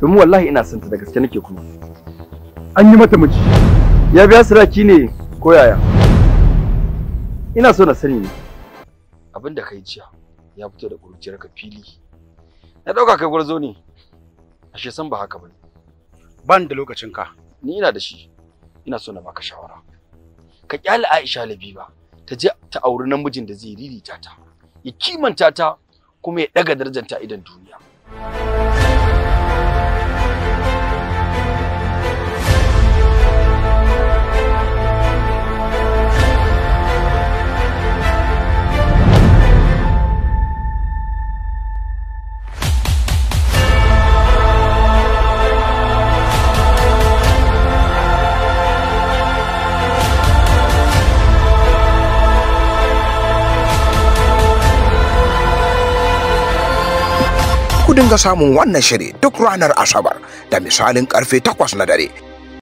domin wallahi ina son ta da gaske nake kuma an yi mata miji ya biya siraki ne ko yaya ina so na sani ne abin da kai jiya ya fito da kurciyar ka fili na dauka kai gurzo ne ashe san ba haka bane ban da lokacin ka ni ina da shi ina so na baka shawara ka kyale Aisha Labiba ta je ta auri namijin da zai ririta ta ya kimanta ta kuma ya daga darajanta idan duniya dinga samun wannan shiri duk ranar Asabar da misalin karfe 8 na dare.